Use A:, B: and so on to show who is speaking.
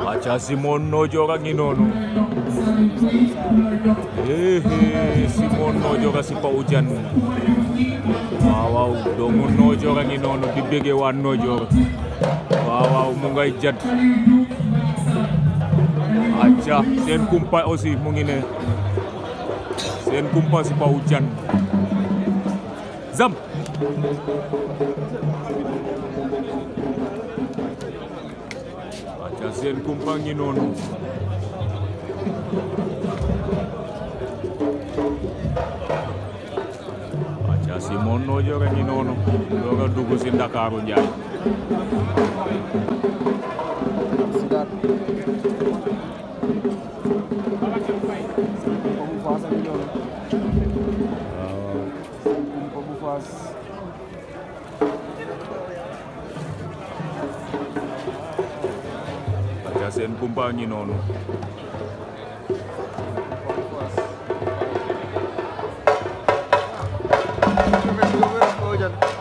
A: si acha simonojoka nginono ehe simonojoka sipa ujannu wawaw domunojoka nginono dibege wow wow mungai jad. aja sen kumpa mungkin mungine sen kumpai si Pak ujan zam
B: la seen kumpa ngi noonu aca
C: Simon Nodio ngi kan, noonu
A: dooga kan dugu si Ndakaaru Njaay
D: Kumpa
E: oh. bu faas yaa bu kumpa ñi noonu